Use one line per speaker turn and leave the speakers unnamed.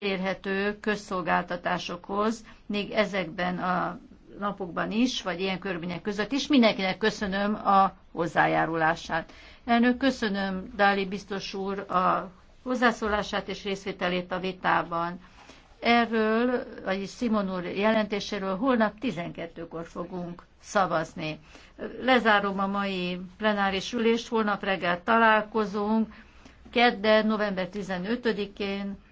elérhető közszolgáltatásokhoz, még ezekben a napokban is, vagy ilyen körülmények között is. Mindenkinek köszönöm a hozzájárulását. Elnök, köszönöm Dáli biztos úr a hozzászólását és részvételét a vitában. Erről, vagyis Simon úr jelentéséről holnap 12-kor fogunk szavazni. Lezárom a mai plenáris ülést, holnap reggel találkozunk, kedden, november 15-én,